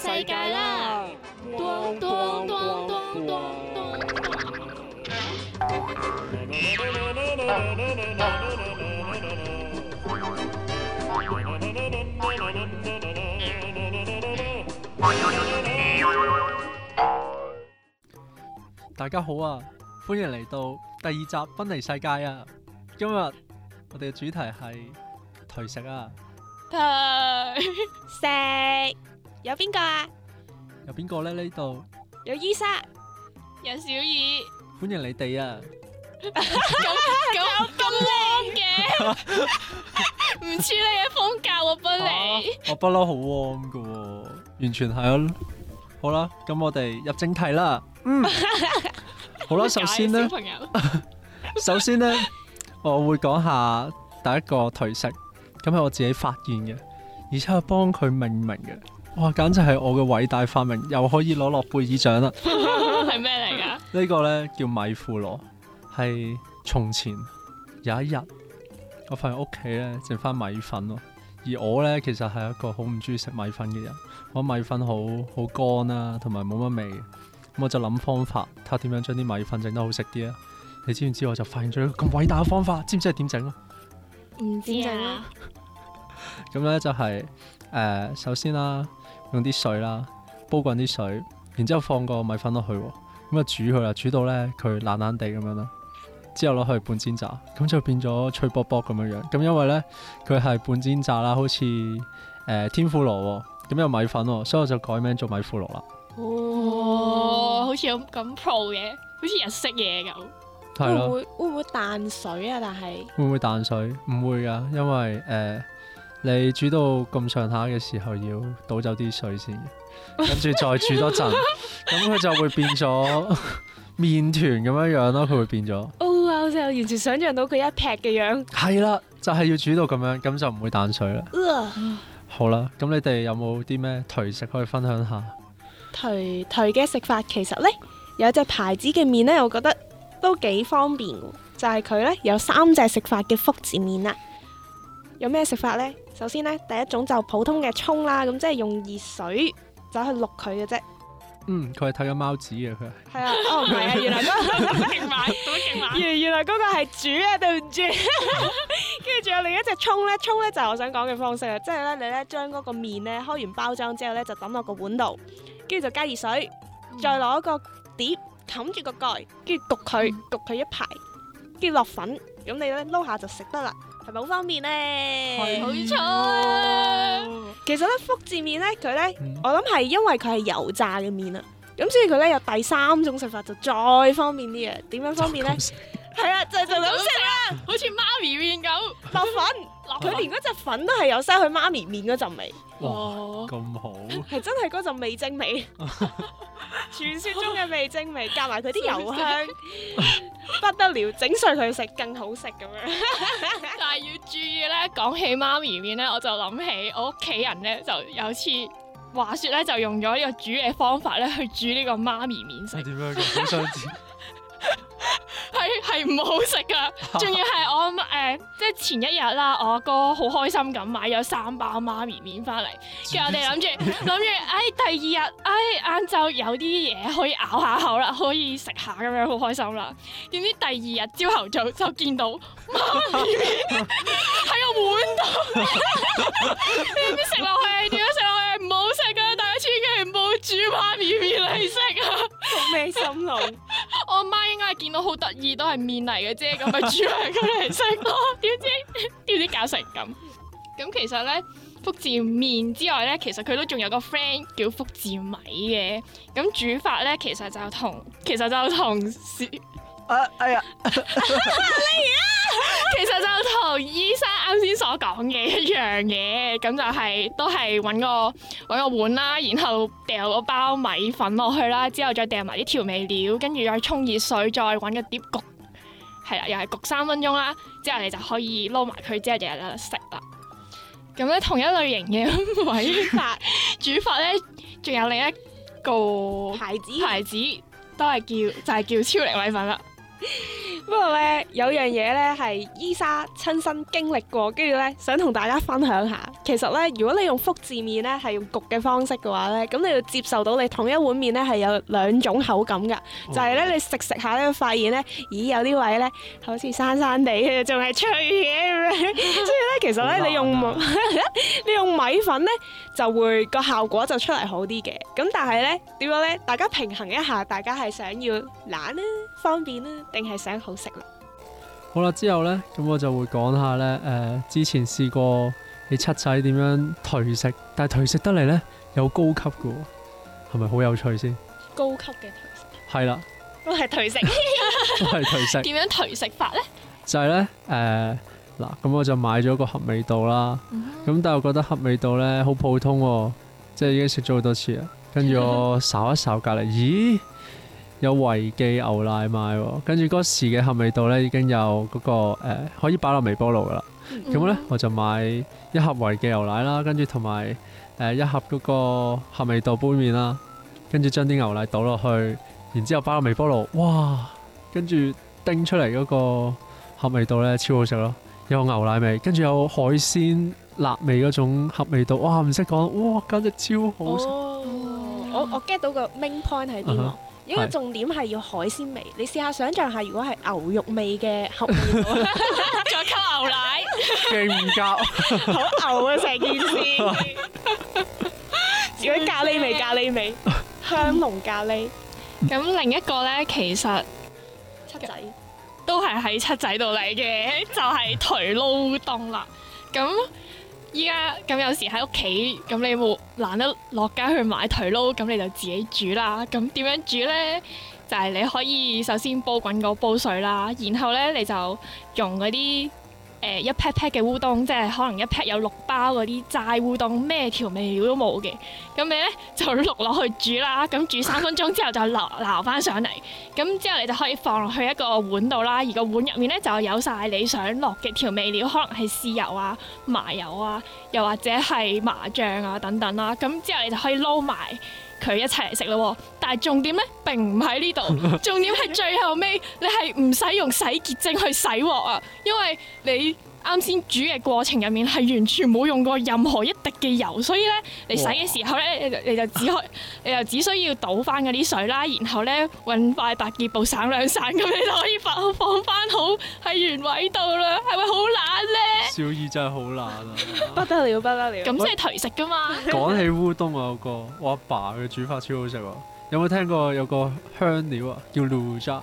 世界啦！大家好啊，歡迎嚟到第二集《賓尼世界》啊！今日我哋嘅主題係頹食啊，頹食。有邊個啊？有邊個咧？呢度有依莎，有小爾，歡迎你哋啊！咁咁咁靚嘅，唔似你嘅風格，我不理我不嬲，好 warm 㗎，完全係啊。好啦，咁我哋入正題啦。嗯，好啦，首先呢，首先呢，我會講下第一個頹食，咁係我自己發現嘅，而且我幫佢命名嘅。哇！簡直係我嘅偉大發明，又可以攞諾貝爾獎啦！係咩嚟㗎？呢、嗯這個呢，叫米腐羅，係從前有一日，我發現屋企呢剩翻米粉咯。而我呢，其實係一個好唔中意食米粉嘅人，我米粉好好乾啦、啊，同埋冇乜味。咁我就諗方法，睇下點樣將啲米粉整得好食啲啊！你知唔知我就發現咗一個咁偉大嘅方法？知唔知係點整啊？唔知啊！咁呢、 嗯，就係、是、誒、呃，首先啦、啊。用啲水啦，煲滾啲水，然之後放個米粉落去、哦，咁就煮佢啦。煮到咧佢爛爛地咁樣啦，之後攞去半煎炸，咁就變咗脆卜卜咁樣樣。咁因為咧佢係半煎炸啦，好似誒、呃、天婦羅咁有米粉、哦，所以我就改名做米婦羅啦。哦，哦哦好似咁咁 pro 嘅，好似日式嘢咁。會唔會會唔會淡水啊？但係會唔會淡水？唔會㗎，因為誒。呃你煮到咁上下嘅時候，要倒走啲水先，跟住再煮多陣，咁佢 就會變咗麵團咁樣樣咯，佢會變咗。哦，我完全想象到佢一劈嘅樣。係啦，就係、是、要煮到咁樣，咁就唔會彈水啦。呃、好啦，咁你哋有冇啲咩頹食可以分享下？頹頹嘅食法，其實呢，有隻牌子嘅麵呢，我覺得都幾方便，就係、是、佢呢，有三隻食法嘅福字麵啦。有咩食法呢？首先咧，第一種就普通嘅沖啦，咁即係用熱水走去淥佢嘅啫。嗯，佢係睇緊貓紙嘅佢。係啊，哦唔係啊，原來原原來嗰個係煮啊，對唔住。跟住仲有另一隻沖咧，沖咧就係我想講嘅方式啊，即係咧你咧將嗰個麵咧開完包裝之後咧就抌落個碗度，跟住就加熱水，嗯、再攞個碟冚住個蓋，蓋，跟住焗佢，焗佢一排，跟住落粉，咁你咧撈下就食得啦。係咪好方便咧？係冇錯。其實咧，福字麵咧，佢咧，嗯、我諗係因為佢係油炸嘅麵啊。咁所以佢咧有第三種食法，就再方便啲嘅。點樣方便咧？係啊， 就就點食啊？ 好似媽咪麵咁白粉，佢連嗰隻粉都係有晒去媽咪麵嗰陣味。哇！咁好，係 真係嗰陣味精味。 傳說中嘅味精味夾埋佢啲油香， 不得了，整碎佢食更好食咁樣。 但係要注意咧，講起媽咪麵咧，我就諗起我屋企人咧就有次話說咧就用咗一個煮嘅方法咧去煮呢個媽咪麵食。 係係唔好食噶，仲要係我誒，即、呃、係前一日啦，我阿哥好開心咁買咗三包媽咪麵翻嚟，跟住食我哋諗住諗住，哎第二日，哎晏晝有啲嘢可以咬下口啦，可以食下咁樣，好開心啦。點知第二日朝頭早就，就見到媽咪麵喺個碗度，點知食落去？點樣食落去？唔好食噶，啊，大家千祈唔好煮媽咪麵嚟食啊！咩心路？我阿媽應該係見到好得意都係麵嚟嘅啫，咁咪煮埋佢嚟食咯。點知、 啊、點知搞成咁咁？其實咧，福字麵之外咧，其實佢都仲有個 friend 叫福字米嘅。咁煮法咧，其實就同其實就同誒，哎呀，其實就同醫生啱先所講嘅一樣嘢，咁就係、是、都係搵個搵個碗啦，然後掉個包米粉落去啦，之後再掉埋啲調味料，跟住再沖熱水，再搵個碟焗，係啦，又係焗三分鐘啦，之後你就可以撈埋佢之後就食啦。咁咧，同一類型嘅做法煮法咧，仲有另一個牌子牌子都係叫就係、是、叫超靈米粉啦。 不過咧，有樣嘢咧係依莎親身經歷過，跟住咧想同大家分享下。其實咧，如果你用福字麵咧係用焗嘅方式嘅話咧，咁你要接受到你同一碗麵咧係有兩種口感噶，就係咧你食食下咧，發現咧，咦，有啲位咧好似生生地嘅，仲係脆嘅咁樣。 所以咧，其實咧你用米 你用米粉咧就會個效果就出嚟好啲嘅。咁但係咧點樣咧？大家平衡一下，大家係想要懶呢。方便呢定係想好食啦？好啦，之後呢，咁我就會講下呢。誒、呃，之前試過你七仔點樣頹食，但係頹食得嚟，呢，有高級嘅，係咪好有趣先？高級嘅頹食係啦，都係頹食，了都係頹食，點 樣頹食法呢？就係呢。誒、呃，嗱，咁我就買咗個合味道啦，咁、mm hmm. 但係我覺得合味道呢，好普通，即係已經食咗好多次啦，跟住我掃一掃隔籬，咦？有維記牛奶賣喎，跟住嗰時嘅合味道咧已經有嗰、那個、呃、可以擺落微波爐噶啦，咁咧、嗯、我就買一盒維記牛奶啦，跟住同埋誒一盒嗰個合味道杯麵啦，跟住將啲牛奶倒落去，然之後擺落微波爐，哇！跟住叮出嚟嗰個合味道咧超好食咯，有牛奶味，跟住有海鮮辣味嗰種合味道，哇！唔識講，哇！簡直超好食，哦。我我 get 到個 main point 喺邊一個重點係要海鮮味，你試下想像下，如果係牛肉味嘅鹹魚，再溝 牛奶，勁唔夠，好牛啊，成件事！如果咖喱味、咖喱味、香濃咖喱，咁 另一個呢，其實七仔都係喺七仔度嚟嘅，就係頹撈冬啦，咁。依家咁有時喺屋企，咁你冇懶得落街去買台撈，咁你就自己煮啦。咁點樣煮咧？就係、是、你可以首先煲滾個煲水啦，然後咧你就用嗰啲。誒、呃、一 pack pack 嘅烏冬，即係可能一 pack 有六包嗰啲齋烏冬，咩調味料都冇嘅，咁你咧就淥落去煮啦，咁煮三分鐘之後就撈撈翻上嚟，咁之後你就可以放落去一個碗度啦，而個碗入面咧就有晒你想落嘅調味料，可能係豉油啊、麻油啊，又或者係麻醬啊等等啦，咁之後你就可以撈埋。佢一齊嚟食咯喎，但係重點咧並唔喺呢度， 重點係最後尾你係唔使用洗潔精去洗鑊啊，因為你啱先煮嘅過程入面係完全冇用過任何一滴嘅油，所以咧，你洗嘅時候咧，哇 你就只可，你就只需要倒翻嗰啲水啦，然後咧，揾塊百潔布省兩省，咁你就可以放放翻好喺原位度啦，係咪好懶咧？小爾真係好懶啊！ 不得了，不得了！咁即係頹食噶嘛？講起烏冬啊，我有個，我阿爸嘅煮法超好食喎，有冇聽過有個香料啊，叫露薈？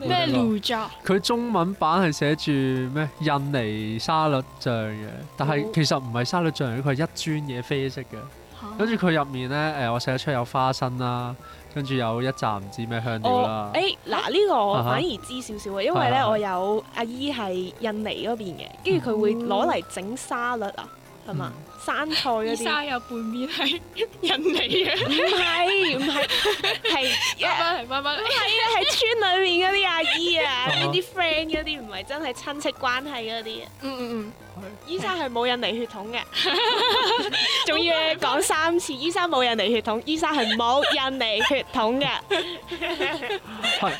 咩滷醬？佢中文版係寫住咩印尼沙律醬嘅，但係其實唔係沙律醬，佢係一磚嘢啡色嘅。跟住佢入面咧，誒，我寫得出有花生啦，跟住有一站唔知咩香料啦。誒、哦，嗱、欸、呢、這個我反而知少少嘅，啊、哈因為咧我有阿姨係印尼嗰邊嘅，跟住佢會攞嚟整沙律啊，係嘛、嗯？嗎生菜嗰啲，生有拌麵係印尼嘅，唔係唔係，係慢慢慢慢，唔係 啊，係村裏面嗰啲阿姨啊，啲 friend 嗰啲唔係真係親戚關係嗰啲，嗯嗯嗯，醫生係冇印尼血統嘅，仲要講三次，醫生冇印尼血統，醫生係冇印尼血統嘅，係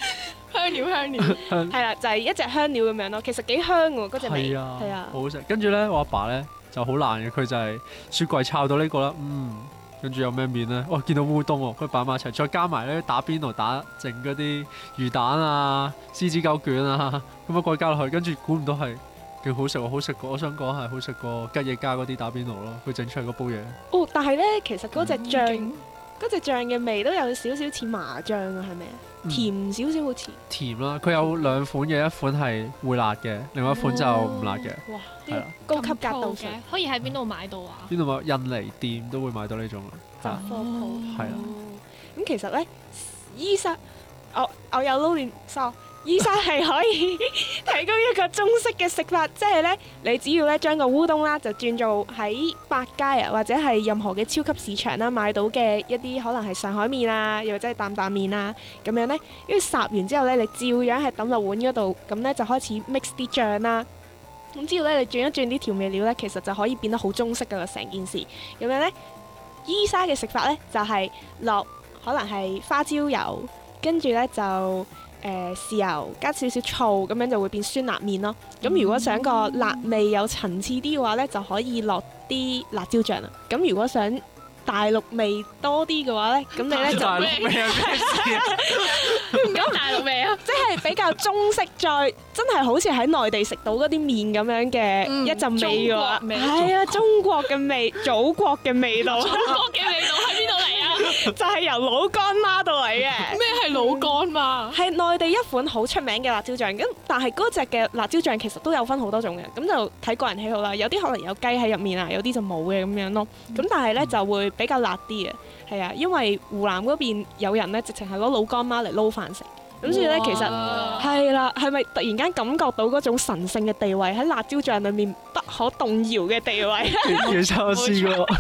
香料香料，係啦，就係一隻香料咁樣咯，其實幾香喎嗰隻味，係啊，好好食。跟住咧，我阿爸咧。就好難嘅，佢就係雪櫃抄到呢、這個啦，嗯，跟住有咩麵咧？哇、哦，見到烏冬喎，佢擺埋一齊，再加埋咧打邊爐打剩嗰啲魚蛋啊、獅子狗卷啊，咁樣再加落去，跟住估唔到係勁好食喎，好食過我想講係好食過吉野家嗰啲打邊爐咯，佢整出嚟嗰煲嘢。哦，但係咧，其實嗰隻醬，嗰隻、嗯、醬嘅味都有少少似麻醬啊，係咪啊？甜少少會甜，甜啦，佢有兩款嘅，一款係會辣嘅，另外一款就唔辣嘅。Oh. 哇，的高級格度嘅，嗯、可以喺邊度買到啊？邊度買？印尼店都會買到呢種啊，雜貨鋪。係啊、oh. 的。咁、嗯、其實咧，醫生，我我有 l o w 伊依莎係可以 提供一個中式嘅食法，即係呢，你只要呢將個烏冬啦，就轉做喺百佳啊，或者係任何嘅超級市場啦、啊、買到嘅一啲可能係上海麵啊，又或者係擔擔麵啊咁樣呢。因為霎完之後呢，你照樣係抌落碗嗰度，咁呢，就開始 mix 啲醬啦、啊。咁之後呢，你轉一轉啲調味料呢，其實就可以變得好中式噶啦成件事。咁樣呢，伊依莎嘅食法呢，就係、是、落可能係花椒油，跟住呢就。誒豉油加少少醋，咁樣就會變酸辣麵咯。咁、嗯、如果想個辣味有層次啲嘅話呢、嗯、就可以落啲辣椒醬啦。咁如果想，大陸味多啲嘅話咧，咁你咧就唔講大陸味咯，即係比較中式，再真係好似喺內地食到嗰啲麵咁樣嘅一陣味喎，係啊，中國嘅味，祖國嘅味道，中國嘅味道喺邊度嚟啊？就係由老幹媽到嚟嘅。咩係老幹媽？係內地一款好出名嘅辣椒醬。咁但係嗰隻嘅辣椒醬其實都有分好多種嘅，咁就睇個人喜好啦。有啲可能有雞喺入面啊，有啲就冇嘅咁樣咯。咁但係咧就會。比較辣啲啊，係啊，因為湖南嗰邊有人咧，直情係攞老乾媽嚟撈飯食，咁所以咧其實係啦，係咪突然間感覺到嗰種神聖嘅地位喺辣椒醬裡面不可動搖嘅地位？以前我試過喺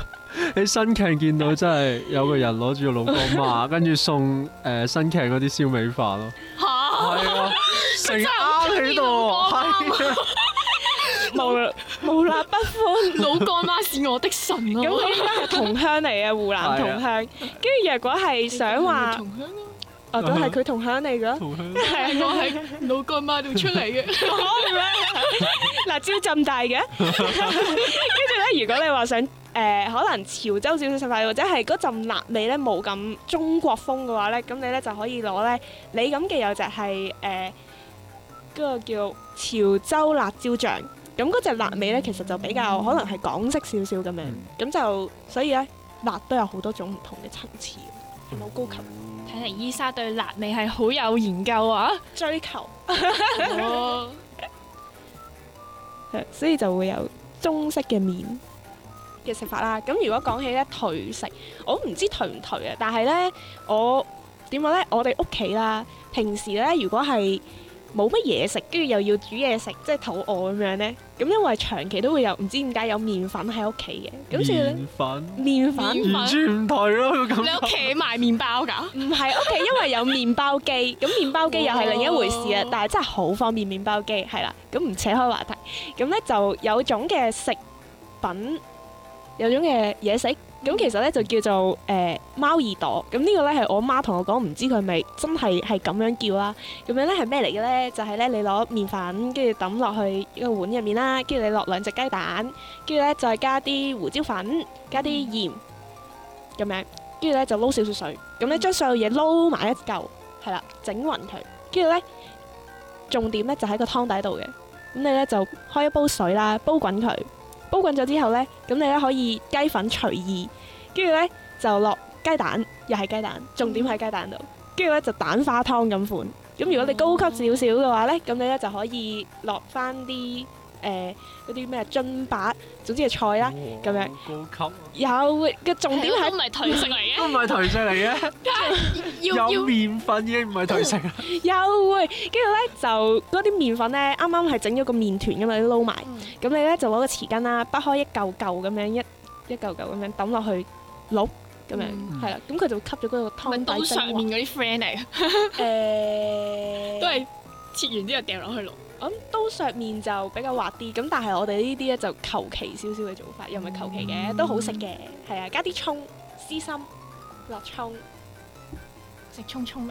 沒錯 新疆見到真係有個人攞住老乾媽麼，跟住送誒新疆嗰啲燒味飯咯，嚇係喎，成間喺度。無無辣不歡，老乾媽是我的神咯。咁我依家係同鄉嚟嘅湖南同鄉，跟住若果係想話，啊都係佢同鄉嚟嘅，係我係老乾媽度出嚟嘅，辣椒浸大嘅。跟住咧，如果你話想誒，可能潮州少少食下，或者係嗰陣辣味咧冇咁中國風嘅話咧，咁你咧就可以攞咧你咁嘅有隻係誒嗰個叫潮州辣椒醬。咁嗰隻辣味咧，其實就比較可能係港式少少咁樣，咁就所以咧，辣都有好多種唔同嘅層次，好高級。睇嚟依莎對辣味係好有研究啊，追求。 所以就會有中式嘅麵嘅食法啦。咁如果講起咧，頹食，我唔知頹唔頹啊。但係咧，我點講咧？我哋屋企啦，平時咧，如果係冇乜嘢食，跟住又要煮嘢食，即係肚餓咁樣咧。咁因為長期都會有唔知點解有麵粉喺屋企嘅，咁所以咧，麵粉，麵粉完全唔提咯。你屋企賣麵包㗎？唔係，屋企因為有麵包機，咁 麵包機又係另一回事啦。但係真係好方便，麵包機係啦。咁唔扯開話題，咁咧就有種嘅食品，有種嘅嘢食。咁其實咧就叫做誒、呃、貓耳朵，咁呢個咧係我媽同我講，唔知佢咪真係係咁樣叫啦？咁樣咧係咩嚟嘅咧？就係、是、咧你攞麵粉跟住抌落去一個碗入面啦，跟住你落兩隻雞蛋，跟住咧再加啲胡椒粉，加啲鹽，咁樣跟住咧就撈少少水，咁你將所有嘢撈埋一嚿，係啦，整勻佢，跟住咧重點咧就喺個湯底度嘅，咁你咧就開一煲水啦，煲滾佢。煲滾咗之後呢，咁你咧可以雞粉隨意，跟住呢就落雞蛋，又係雞蛋，重點喺雞蛋度，跟住呢就蛋花湯咁款。咁如果你高級少少嘅話呢，咁你呢就可以落翻啲。誒，嗰啲咩津白，總之係菜啦咁樣。高級。有嘅重點係。都唔係頹食嚟嘅。都唔係頹食嚟嘅。有麵粉已經唔係頹食啦。有嘅，跟住咧就嗰啲麵粉咧，啱啱係整咗個麵團咁樣撈埋，咁你咧就攞個匙羹啦，剝開一嚿嚿咁樣一一嚿嚿咁樣揼落去淥，咁樣係啦，咁佢就會吸咗嗰個湯底。碗上面嗰啲 friend 嚟嘅。誒。都係切完之後掉落去淥。咁刀削麵就比較滑啲，咁但係我哋呢啲咧就求其少少嘅做法，又唔係求其嘅，都好食嘅，係啊，加啲蔥、絲心、落蔥，食蔥聰明。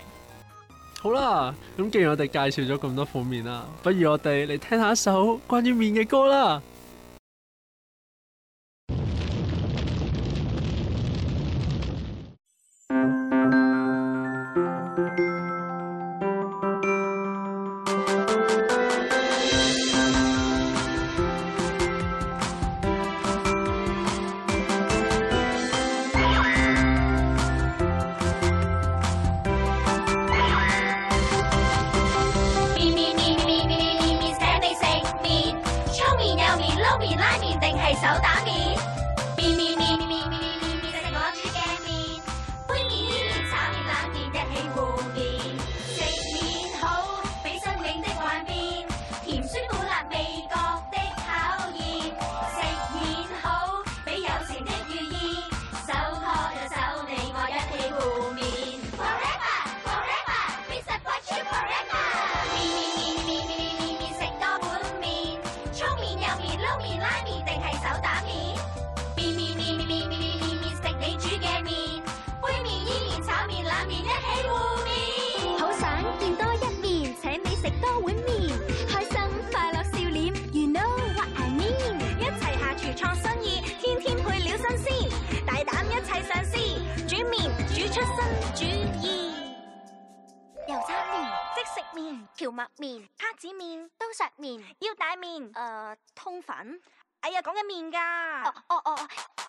好啦，咁既然我哋介紹咗咁多款麵啦，不如我哋嚟聽下一首關於麵嘅歌啦。削麵，腰帶麵，誒通粉，哎呀講緊麵㗎，哦哦哦，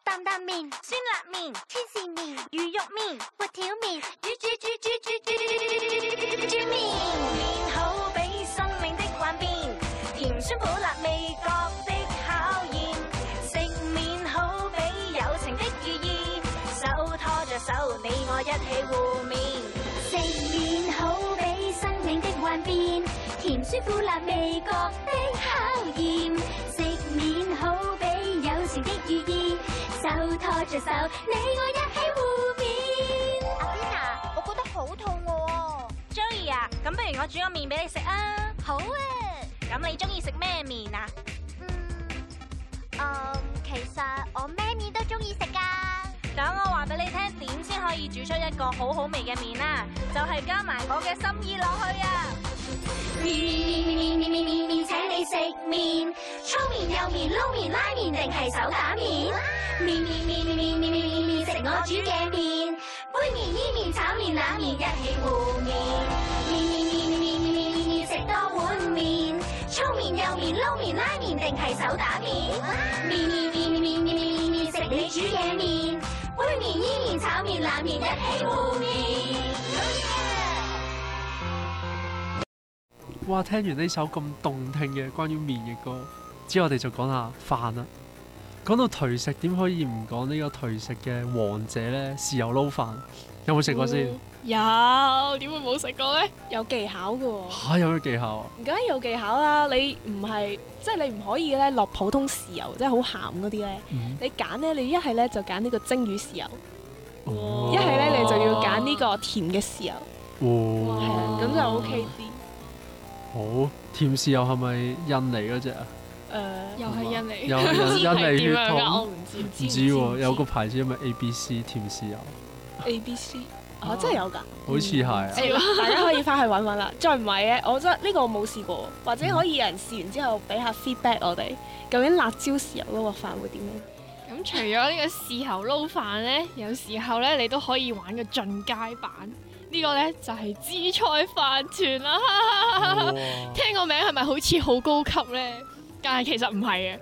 擔擔麵，酸辣麵，天線麵，魚肉麵，闊條麵，煮煮煮煮煮煮煮煮煮煮煮煮麵，麵好比生命的幻變，甜酸苦辣味覺的考驗，食麵好比友情的意義，手拖著手，你我一起互勉，食麵好比生命的幻變。甜酸苦辣味覺的考驗，食麵好比友情的寓意。手拖著手，你我一起互勉。阿賓尼啊，我覺得好肚餓。喎。Joey 啊，咁不如我煮個麵俾你食啊。好啊。咁你中意食咩麵啊？嗯，哦，其實我咩麵都中意食噶。等我話俾你聽，點先可以煮出一個好好味嘅麵啦，就係、是、加埋我嘅心意落去啊。麵麵麵麵麵麵麵麵，請你食麵。粗麵、幼麵、撈麵、拉麵，定係手打麵。麵麵麵麵麵麵麵麵，食我煮嘅麵。杯麵、伊麵、炒麵、冷麵，一起糊麵。麵麵麵麵麵麵麵麵，食多碗麵。粗麵、幼麵、撈麵、拉麵，定係手打麵。麵麵麵麵麵麵麵麵，食你煮嘅麵。杯麵、伊麵、炒麵、冷麵，一起糊麵。哇！聽完呢首咁動聽嘅關於麵嘅歌，之後我哋就講下飯啦。講到頹食，點可以唔講呢個頹食嘅王者咧？豉油撈飯有冇食過先？有，點會冇食過咧？嗯、有，過呢有技巧嘅喎嚇！有咩技巧啊？梗係有技巧啦！你唔係即係你唔可以咧落普通豉油，即係好鹹嗰啲咧。你揀咧，你一係咧就揀呢個蒸魚豉油，一係咧你就要揀呢個甜嘅豉油。哇！咁哇就 OK 啲。好甜豉油係咪印尼嗰隻啊？誒，又係印尼，又係印尼，唔知點樣㗎，我唔知。唔知有個牌子係咪 A B C 甜豉油？A B C 啊，真係有㗎，好似係。大家可以翻去揾揾啦。再唔係咧，我覺得呢個我冇試過，或者可以有人試完之後俾下 feedback 我哋，究竟辣椒豉油嗰個飯會點樣？咁除咗呢個豉油撈飯咧，有時候咧你都可以玩個進階版。呢個呢，就係、是、紫菜飯團啦，哈哈哈哈哇聽個名係咪好似好高級呢？但係其實唔係嘅。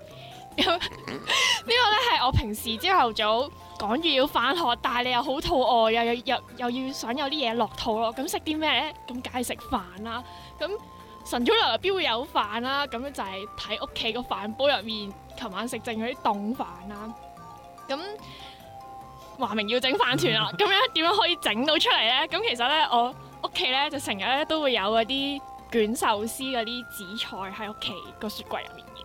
呢 個呢，係我平時朝頭早趕住要返學，但係你又好肚餓，又又又要想有啲嘢落肚咯。咁食啲咩呢？咁梗係食飯啦。咁晨早流流邊會有飯啦？咁樣就係睇屋企個飯煲入面，琴晚食剩嗰啲凍飯啦。咁。話明要整飯團啦，咁 樣點樣可以整到出嚟呢？咁其實呢，我屋企呢就成日咧都會有嗰啲卷壽司嗰啲紫菜喺屋企個雪櫃入面嘅。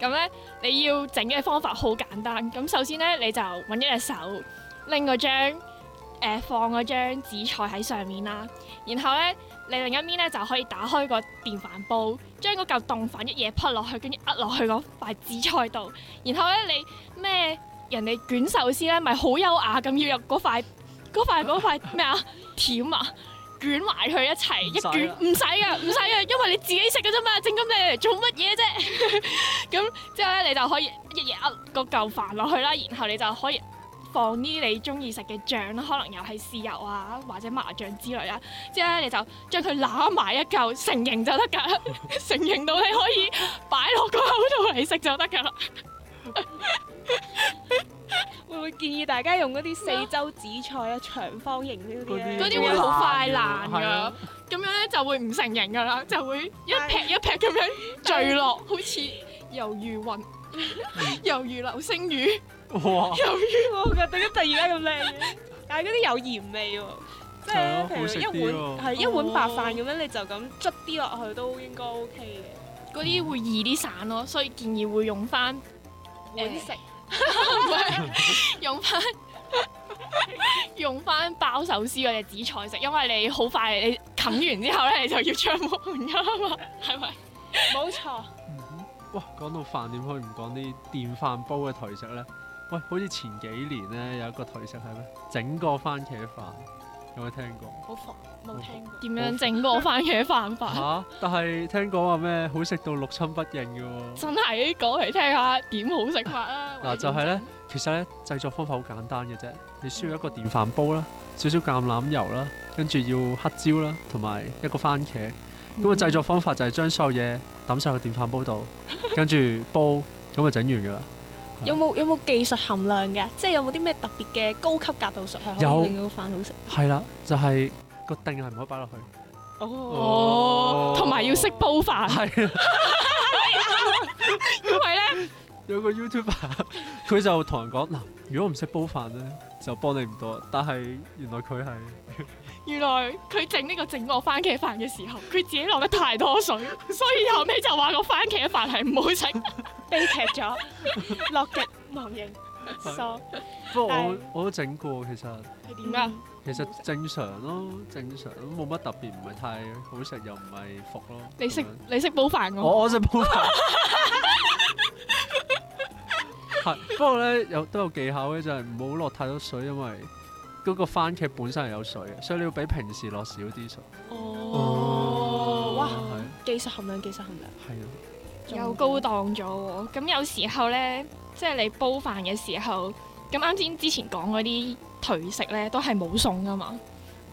咁咧，你要整嘅方法好簡單。咁首先呢，你就搵一隻手拎嗰張誒、呃、放嗰張紫菜喺上面啦。然後呢，你另一邊呢就可以打開個電飯煲，將嗰嚿凍粉一嘢撲落去，跟住壓落去嗰塊紫菜度。然後呢，你咩？人哋卷壽司咧，咪好優雅咁，要入嗰塊嗰塊咩啊？條啊，卷埋佢一齊一卷，唔使嘅，唔使嘅，因為你自己食嘅啫嘛，整咁你嚟做乜嘢啫？咁 之後咧，你就可以日日個嚿飯落去啦，然後你就可以放啲你中意食嘅醬，可能又係豉油啊，或者麻醬之類啦。之後咧，你就將佢攬埋一嚿成形就得噶， 成形到你可以擺落個口度嚟食就得噶啦。 會唔會建議大家用嗰啲四周紫菜啊、長方形嗰啲，嗰啲會好快爛噶，咁樣咧就會唔成形噶啦，就會一劈一劈咁樣墜落，好似魷魚雲，魷魚流星雨。哇！猶如我噶，點解突然間咁靚嘅？但係嗰啲有鹽味喎，即係譬如一碗係一碗白飯咁樣，你就咁捽啲落去都應該 OK 嘅。嗰啲會易啲散咯，所以建議會用翻碗食。唔係， 用翻 用翻包壽司嗰隻紫菜食，因為你好快你冚完之後咧，你就要唱悶音啊 嘛 是，係咪錯？冇錯。嗯。哇，講到飯點，可以唔講啲電飯煲嘅頹食咧？喂，好似前幾年咧，有一個頹食係咩？整個番茄飯。有冇聽過？好煩，冇聽過。點樣整個番茄飯飯？嚇、啊！但係聽講話咩好食到六親不認嘅喎。真係講嚟聽下點好食法啦。嗱、啊，就係、是、咧，其實咧製作方法好簡單嘅啫。你需要一個電飯煲啦，少少橄欖油啦，跟住要黑椒啦，同埋一個番茄。咁、個製作方法就係將所有嘢揼晒去電飯煲度，跟住煲，咁就整完㗎啦。是有冇有冇技術含量嘅？即係有冇啲咩特別嘅高級格度有、術係可以令個飯好食？係啦，就係、是、個定係唔可以擺落去。哦，同埋、哦哦、要識煲飯。係因為咧呢有個 YouTuber 佢就同人講嗱，如果唔識煲飯咧，就幫你唔到。」但係原來佢係。原來佢整呢個整個番茄飯嘅時候，佢自己落得太多水，所以後尾就話個番茄飯係唔好食，悲劇咗，落極忘形，不過我我都整過，其實點啊？樣其實正常咯，正常冇乜特別，唔係太好食又唔係服咯。你識吃樣你識煲飯㗎、啊？我我識煲飯。係， 不過咧有都有技巧嘅，就係唔好落太多水，因為。嗰個番茄本身係有水嘅，所以你要比平時落少啲水。哦，oh. oh. 哇！哇對技術含量，技術含量。係啊對，又高檔咗喎。咁有時候咧，即係你煲飯嘅時候，咁啱先之前講嗰啲頹食咧都係冇餸㗎嘛。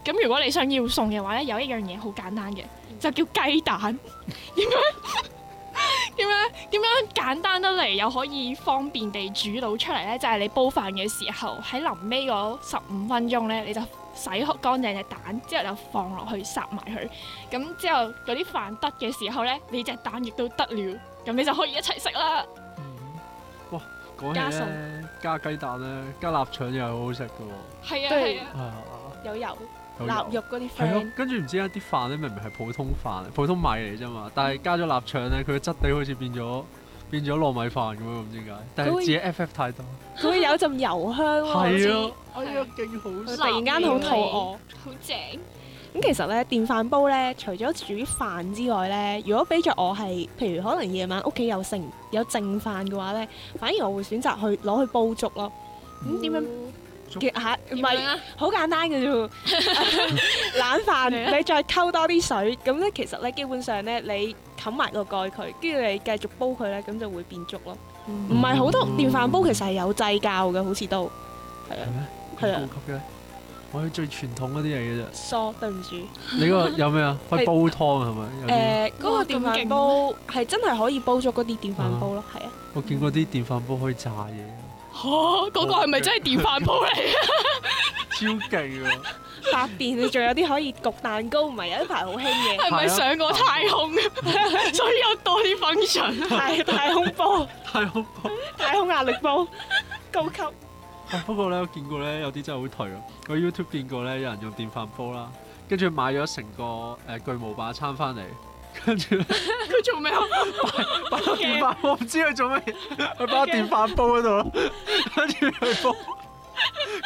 咁如果你想要餸嘅話咧，有一樣嘢好簡單嘅，就叫雞蛋。點解？點樣點樣簡單得嚟又可以方便地煮到出嚟呢？就係你煲飯嘅時候，喺臨尾嗰十五分鐘呢，你就洗乾淨隻蛋，之後就放落去殺埋佢。咁之後嗰啲飯得嘅時候呢，你隻蛋亦都得了。咁你就可以一齊食啦。嗯，哇，講起咧，神加雞蛋咧，加臘腸又係好好食㗎喎。係啊係，有油。臘肉啲係咯，跟住唔知點解，啲飯咧明明係普通飯，普通米嚟啫嘛，但係加咗臘腸咧，佢嘅質地好似變咗變咗糯米飯咁樣，唔知點解，但係自己 FF 太多，佢會有陣油香，我、啊、喎，好似、啊哎、突然間好肚餓，餓，好正。咁其實咧電飯煲咧，除咗煮飯之外咧，如果俾着我係，譬如可能夜晚屋企有剩有剩飯嘅話咧，反而我會選擇去攞去煲粥咯。咁點樣？嘅嚇唔係好簡單嘅啫喎，冷飯你再溝多啲水，咁咧其實咧基本上咧你冚埋個蓋佢，跟住你繼續煲佢咧，咁就會變粥咯。唔係好多電飯煲其實係有製教嘅？對了 好似都係啊，係啊，我係最傳統嗰啲嚟嘅啫。傻，對唔住，你個有咩啊？可以煲湯啊？係咪是？誒，嗰、呃嗰個電飯煲係真係可以煲咗嗰啲電飯煲咯，係啊。了我見過啲電飯煲可以炸嘢。哦，嗰、啊那個係咪真係電飯煲嚟啊？超勁喎！ 發電仲有啲可以焗蛋糕，唔係有一排好興嘅，係咪上過太空？太太空 所以有多啲 function 太空煲，太空煲，太空，太空壓力煲，高級。 啊、不過咧，我見過咧有啲真係好頹。我 YouTube 見過咧有人用電飯煲啦，跟住買咗成個誒巨無霸餐翻嚟。跟住佢做咩啊？擺 電飯 Okay. 我唔知佢做咩嘢，佢 擺電飯煲嗰度咯。跟住佢煲，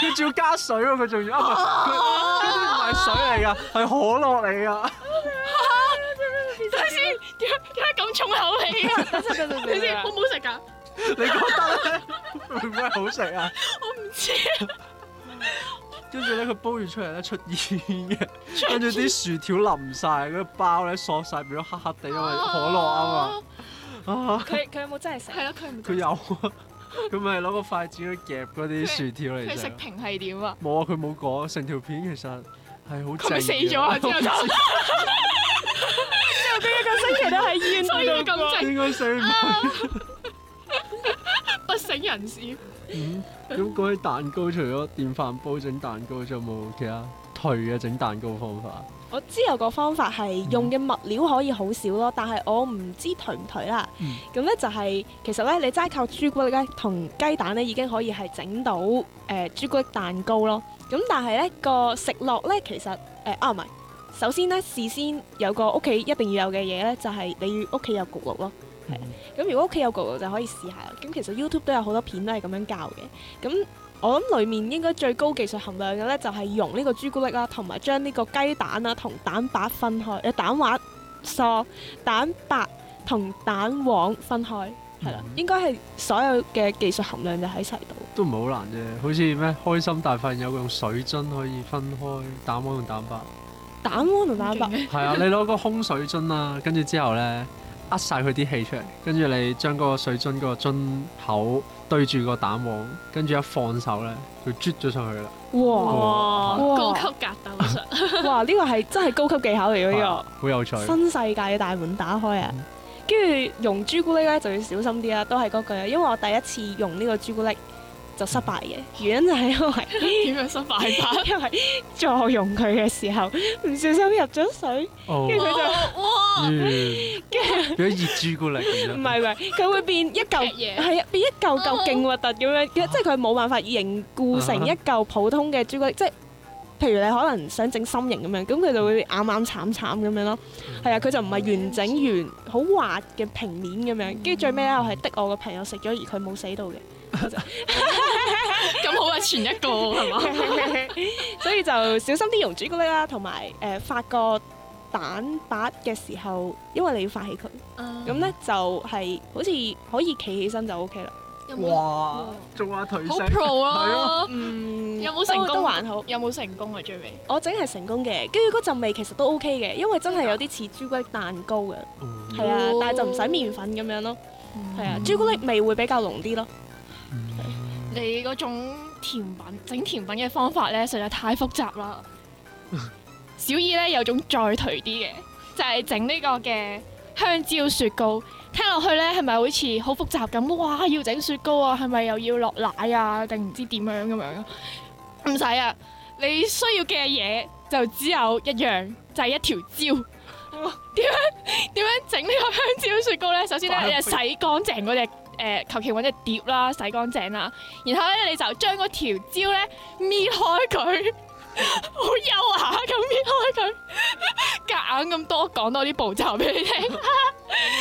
佢仲要加水喎！佢 仲要，呢啲唔係水嚟噶，係可樂嚟噶。睇 下先，點解點解咁重口味？啊？你 先好唔好食噶？ 你覺得咧會唔會好食啊？ 我唔不知。 跟住咧，佢煲完出嚟咧出煙嘅煙，跟住啲薯條淋晒，嗰個包咧嗦晒變咗黑黑地，因為可樂啊嘛。佢佢、啊啊、有冇真係食？係咯，佢佢有啊，佢咪攞個筷子夾嗰啲薯條嚟食。佢食平係點啊？冇啊，佢冇果，成條片其實係好整。咁死咗啊！又跟 一個星期都係煙都，所以正應該應該死唔，啊、 不省人事。嗯，咁講起蛋糕，除咗電飯煲整蛋糕，仲有冇其他頹嘅整蛋糕方法？我知有個方法係用嘅物料可以好少咯，嗯、但係我唔知頹唔頹啦。咁呢、嗯、就係、係，其實呢，你齋靠朱古力同雞蛋呢已經可以係整到誒朱古力蛋糕咯。咁但係呢、呢個食落呢，其實誒、呃、啊唔係，首先呢，事先有個屋企一定要有嘅嘢呢，就係、係、你要屋企有焗爐咯。咁、嗯、如果屋企有個，個，個就可以試下。咁其實 YouTube 都有好多片都係咁樣教嘅。咁我諗裡面應該最高技術含量嘅呢，就係用呢個朱古力啦，同埋將呢個雞蛋啊同蛋白分開，誒蛋黃，蛋白同蛋黃分開，係啦，嗯。應該係所有嘅技術含量就喺齊度。都唔係好難啫，好似咩開心大發現有個用水樽可以分開蛋黃同蛋白。蛋黃同蛋白。係啊， 你攞個空水樽啦，跟住之後呢。吸晒佢啲氣出嚟，跟住你將嗰個水樽嗰個樽口對住個蛋黃，跟住一放手咧，佢啜咗上去啦。哇！哇哇高級格鬥術。哇！呢、呢個係真係高級技巧嚟呢哇、呢個。好有趣。新世界嘅大門打開啊！跟住用朱古力咧就要小心啲啦，都係嗰句啊。因為我第一次用呢個朱古力就失敗嘅，原因就係因為點樣失敗法？ 因為再用佢嘅時候唔小心入咗水，跟住佢就哇～哇哇哇哇哇變咗熱朱古力咁樣，唔係唔係，佢會變一嚿嘢，係啊， 變一嚿嚿勁核突咁樣， 即係佢冇辦法凝固成一嚿普通嘅朱古力，即係譬如你可能想整心形咁樣， 樣，咁佢就會啱啱慘慘咁樣咯。係啊，佢就唔係完整 完好滑嘅平面咁樣。跟住最尾咧，我係的我個朋友食咗，而佢冇死到嘅。咁 好啊，前一個係嘛？ 所以就小心啲用朱古力啦，同埋誒發覺。蛋白嘅時候，因為你要發起佢，咁呢、uh. 就係、是、好似可以企起身就 O K 啦。 哇，仲話提升，好 pro 咯。 嗯，有冇成功都還好，有冇成功啊？最尾 我整係成功嘅，跟住嗰陣味其實都 O K 嘅，因為真係有啲似朱古力蛋糕嘅，係啊的，但係就唔使麵粉咁樣咯，係啊，朱 古樂力味會比較濃啲咯。 你嗰種甜品整甜品嘅方法呢，實在太複雜啦。 小爾咧有種再頹啲嘅，就係整呢個嘅香蕉雪糕。聽落去咧，係咪好似好複雜咁？哇！要整雪糕啊，係咪又要落奶啊？定唔知點樣咁樣啊？唔使啊！你需要嘅嘢就只有一樣，就係、是、一條蕉。點、啊、樣點樣整呢個香蕉雪糕咧？首先咧，你就洗乾淨嗰隻誒，求其揾隻碟啦，洗乾淨啦。然後咧，你就將嗰條蕉咧搣開佢。好優雅咁撇開佢，夾 硬咁多講多啲步驟俾你聽。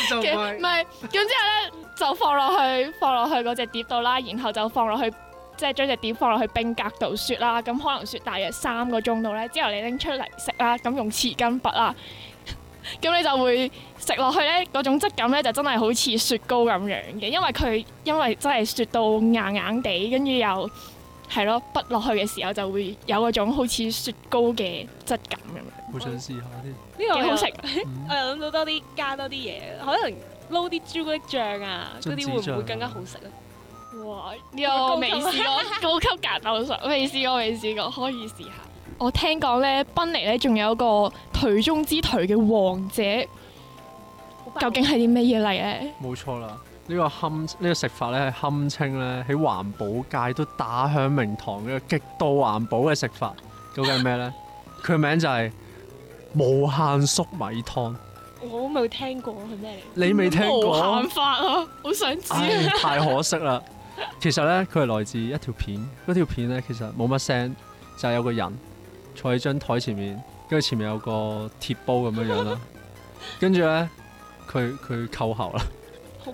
其實唔 係， 咁之後咧就放落去，放落去嗰隻碟度啦。然後就放落去，即係將隻碟放落去冰格度雪啦。咁可能雪大約三個鐘度咧，之後你拎出嚟食啦。咁用匙羹筆啦，咁 你就會食落去咧，嗰種質感咧就真係好似雪糕咁樣嘅。因為佢因為真係雪到硬硬地，跟住又。係咯，筆落去嘅時候就會有嗰種好似雪糕嘅質感咁樣。好想試下呢個、嗯，幾好食。我又諗到多啲加多啲嘢，可能撈啲朱古力醬啊，嗰啲會唔會更加好食啊？脂哇！又、這、未、個、試過高級，高級格鬥術，未試過未試過，可以試下。我聽講咧，賓尼咧仲有一個頹中之頹嘅王者，很笨 究竟係啲咩嘢嚟嘅？冇錯啦。呢個堪呢個食法咧，堪稱咧喺環保界都打響名堂，呢個極度環保嘅食法，究竟係咩咧？佢名就係無限粟米湯。我未聽過，係咩？你未聽過？無限法啊！好想知！太可惜啦！ 其實咧，佢係來自一條片。嗰條片咧，其實冇乜聲，就係有個人坐喺張台前面，跟住前面有個鐵煲咁樣樣啦。跟住咧，佢佢扣喉啦。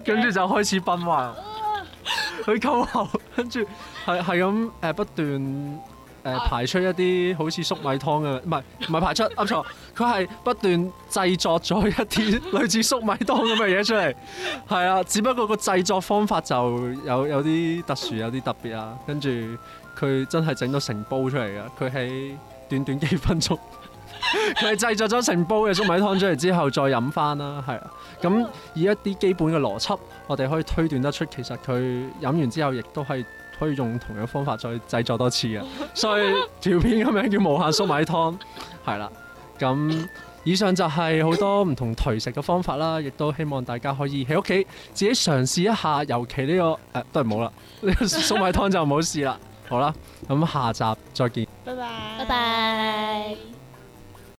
跟住害就開始崩壞，佢溝喉，跟住係係咁誒不斷誒排出一啲好似粟米湯嘅，唔係唔係排出，噏錯，佢係不斷製作咗一啲類似粟米湯咁嘅嘢出嚟，係啊，只不過個製作方法就有有啲特殊，有啲特別啊，跟住佢真係整咗成煲出嚟噶，佢喺短短幾分鐘，佢 係製作咗成煲嘅粟米湯出嚟之後再飲返啦，係啊。咁以一啲基本嘅邏輯，我哋可以推斷得出，其實佢飲完之後，亦都係可以用同樣方法再製作多次嘅。所以 條片嘅名叫無限粟米湯，係啦。咁以上就係好多唔同頹食嘅方法啦，亦都希望大家可以喺屋企自己嘗試一下，尤其呢、呢個誒都係冇啦，呢個粟米湯就冇事啦。好啦，咁下集再見，拜拜，拜拜。